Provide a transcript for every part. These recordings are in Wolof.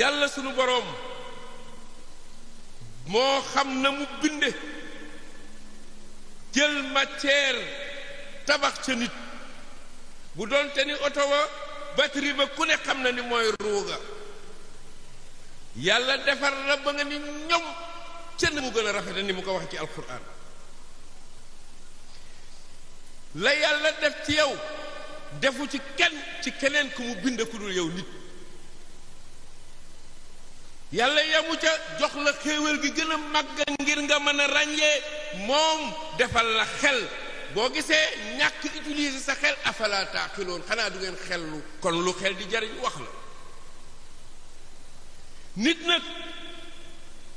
yàlla sunu boroom moo xam na mu binde jël matière tabax ca nit bu doonte ni oto wa batterie ba ku ne xam na ni mooy ruuga yàlla defar la ba nga ni ñoom ca na mu gën a rafete ni mu ko wax ci alquran la yàlla def ci yow defu ci kenn ci keneen ku mu bind ku dul yow nit yàlla yamu ca jox la xéewal gi gën a ngir nga mën a ràññee moom defal la xel boo gisee ñàkk utiliser sa xel afala taaqiloon xanaa du ngeen xellu kon lu xel di jariñ wax la nit nag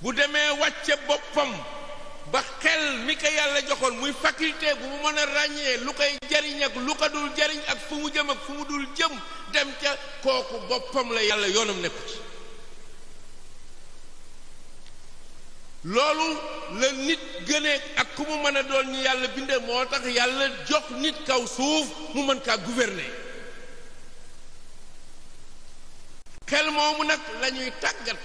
bu demee wàcce boppam ba xel mi ko yàlla joxoon muy faculté bu mu mën a ràññee lu koy jariñ ak lu ko dul jariñ ak fu mu jëm ak fu mu dul jëm dem ca kooku boppam la yàlla yoonam nekku ci loolu la nit gënee ak ku mu mën a doon ñu yàlla bindee moo tax yàlla jox nit kaw suuf mu mën kaa gouverner xel moomu nag la tàggat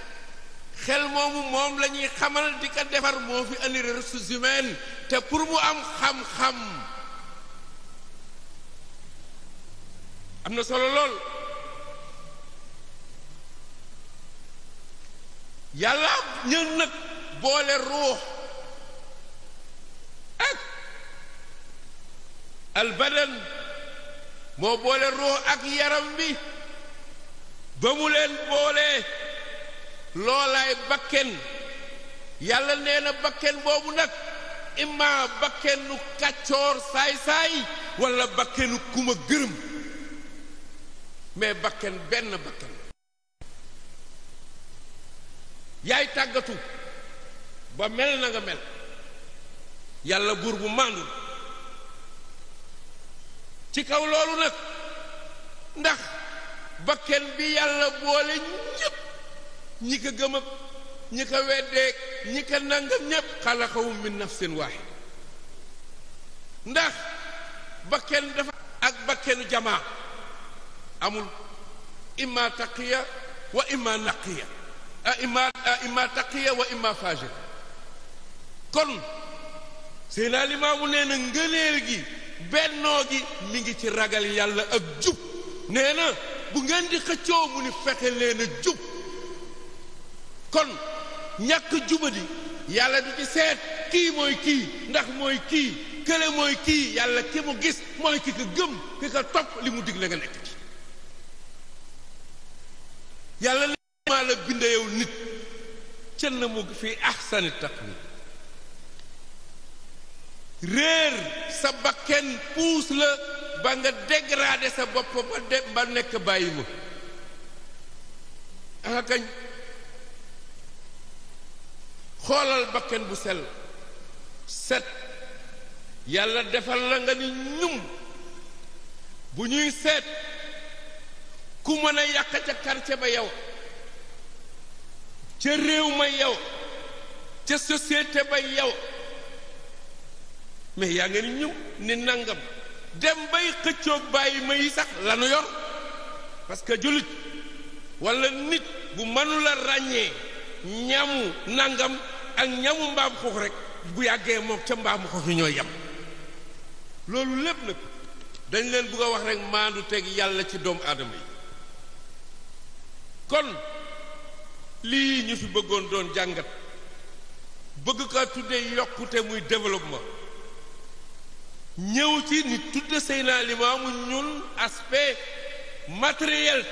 xel moomu moom la ñuy xamal di ko defar moo fi indi ressources humaines te pour mu am xam-xam am na solo lool yàlla ñëw nag. boole ruux ak albadan moo boole ruux ak yaram bi ba mu leen boolee loolaay bakken yàlla nee na bakken boobu nag imma bakkenu kàccoor saay-saay walla bakkenu kuma gërëm mais bakken benn bakken yaay tàggatu ba mel na nga mel yàlla buur bu màndul ci kaw loolu nag ndax bakken bi yàlla boole ñépp ñi ko gëm ak ñi ko weddeeg ñi ko nangam ñépp xalaqahum min nafsin waahid ndax bakken dafa ak bakkenu jamaa amul imma taqiya wa imma naqiya imma taqiya wa imma fajir kon Seydina Limaamu nee na ngëneel gi bennoo gi mi ngi ci ragal yàlla ak jub nee na bu ngeen di xëccoo mu ni fexe leen a jub kon ñàkk jubadi yàlla du ci seet kii mooy kii ndax mooy kii kële mooy kii yàlla ki mu gis mooy ki ko gëm ki ko topp li mu digle nga nekk ci yàlla ne maa la bind nit cën na mu fi ahsani taqwiim réer sa bakken puus la ba nga dégradé sa bopp ba de ba nekk bàyyi ma xoolal bakken bu sell set yàlla defal la nga ni ñum bu ñuy seet ku mën a yàq ca quartier ba yow ca réew ma yow ca société ba yow mais yaa nga ni ñëw ni nangam dem bay xëccoog bàyyi ma yi sax lanu yor parce que jullit walla nit bu mënula ràññee ñamu nangam ak ñamu mbaam xux rek bu yàggee moom ca mbaamu xux yi ñooy yem loolu lépp nag dañ leen bëgg a wax rek maandu teg yàlla ci doomu aadama yi kon lii ñu fi bëggoon doon jàngat bëgg ko tuddee yokkute muy développement ñëw ci ni tudd Seydina Limaamu ñun aspect matériel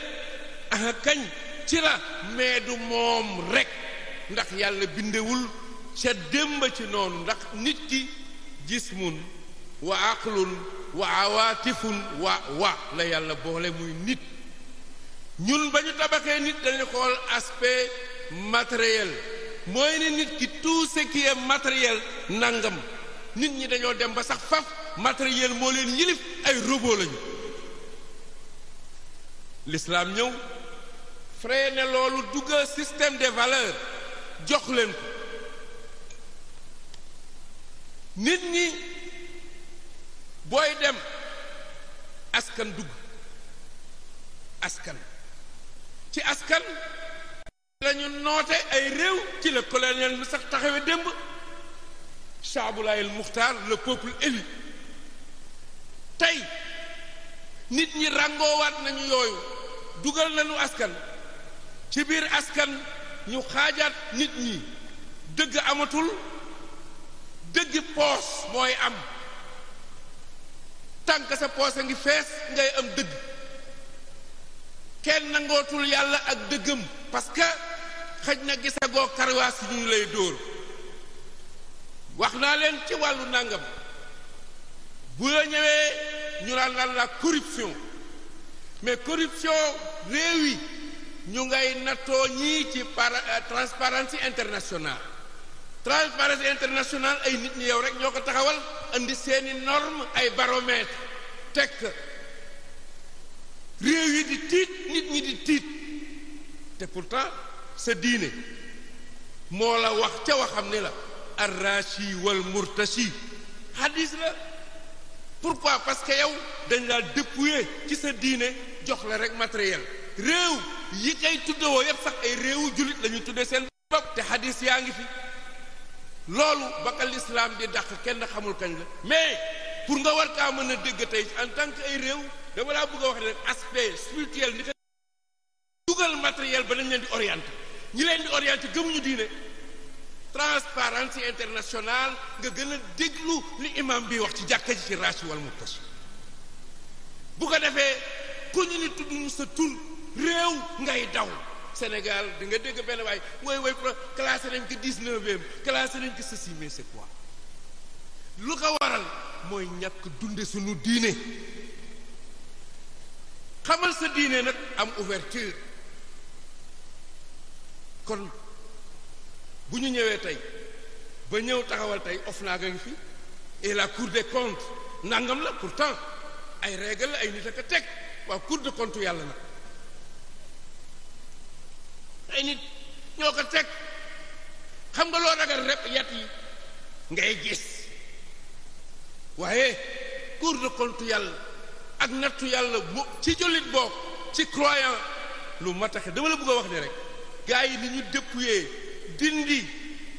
ah, kañ ci la mais du moom rek ndax yàlla bindewul ca démb ci noonu ndax nit ki jismun wa aqlun wa awaatifun wa wa la yàlla boole muy nit ñun ba ñu tabaxee nit dañu xool aspect matériel mooy ne nit ki tout ce qui est nangam nit ñi dañoo dem ba sax faf matériel moo leen yilif ay robot lañu l'islam ñëw ne loolu dugga système des valeurs jox leen ko nit ñi booy dem askan dugg askan ci askan lañu noote ay réew ci la colonial bi sax taxawe démb Chaabulaay al Muxtaar le peuple tey nit ñi ràngoowaat nañu yooyu dugal nañu askan ci biir askan ñu xaajaat nit ñi dëgg amatul dëgg poos mooy am tànk sa poos a ngi fees ngay am dëgg kenn nangootul yàlla ak dëggam parce que xëj na gisagoo karwaas yu ñu lay dóor wax naa leen ci wàllu nàngam bu la ñëwee ñu naan lan la corruption mais corruption réew yi ñu ngay nattoo ñii ci par euh, transparence internationale transparence internationale ay nit ñi yow rek ñoo ko taxawal indi seeni norme ay baromètre tekk réew yi di tiit nit ñi di tiit te pourtant sa diine moo la wax ca waxam ni la arrachi wal murtachi hadis la pourquoi parce que yow dañ laa dépouiller ci sa diine jox la rek matériel réew yi kay tuddewoo yépp sax ay réewu jullit la tuddee seen bopp te hadis yaa ngi fi loolu ba ka lislaam di dàq kenn xamul kañ la mais pour nga war kaa mën a dégg tey en tant que ay réew dama laa bëgg a wax ne aspe spirituel ni ko dugal matériel ba dañ leen di orienté ñi leen di orienté ñu diine transparence internationale nga gën a déglu li imam bi wax ci jàkka ji ci raasi wal murtashi bu ko defee ku ñu ni tudd sa tur réew ngay daw Sénégal di nga dégg benn waay woy wooy pro classé nañ ko dix-neuvième sa nañ ko ceci mais c'est quoi lu ko waral mooy ñàkk dunde suñu diine xamal sa diine nag am ouverture kon bu ñu ñëwee tey ba ñëw taxawal tey OFNAC a ngi fi et la cour de comptes nangam la pourtant ay règle la ay nit ak a teg waaw cour des comptes yàlla na ay nit ñoo ko teg xam nga loo ragal rek yat yi ngay gis waaye cour de comptes yàlla ak nattu yàlla bu ci jullit book ci croyant lu ma taxe dama la bëgg wax ne rek gars yi ni ñu dépouillé dindi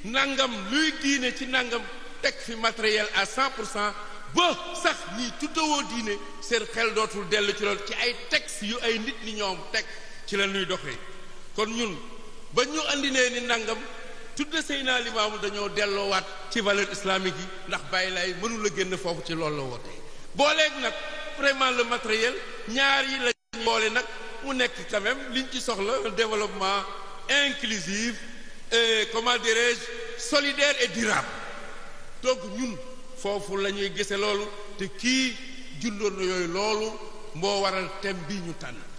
nangam luy diine ci nangam teg fi matériel à 100 cent ba sax ñi tuddawoo diine seen xel dootul dell ci lool ci ay textes yu ay nit ñi ñoom teg ci la ñuy doxee kon ñun ba ñu andinee ni nangam tudde Seydina Limaamu dañoo delloowaat ci valeur islamique yi ndax bàyyi lay mënul a génn foofu ci loolu la wootee booleeg nag vraiment le matériel ñaar yi la boole nag mu nekk quand même liñ ci soxla développement inclusif Euh, comment dirais-je solidaire et durable donc ñun foofu la ñuy gise loolu te kii jundoon na yooyu loolu moo waral thème bi ñu tànn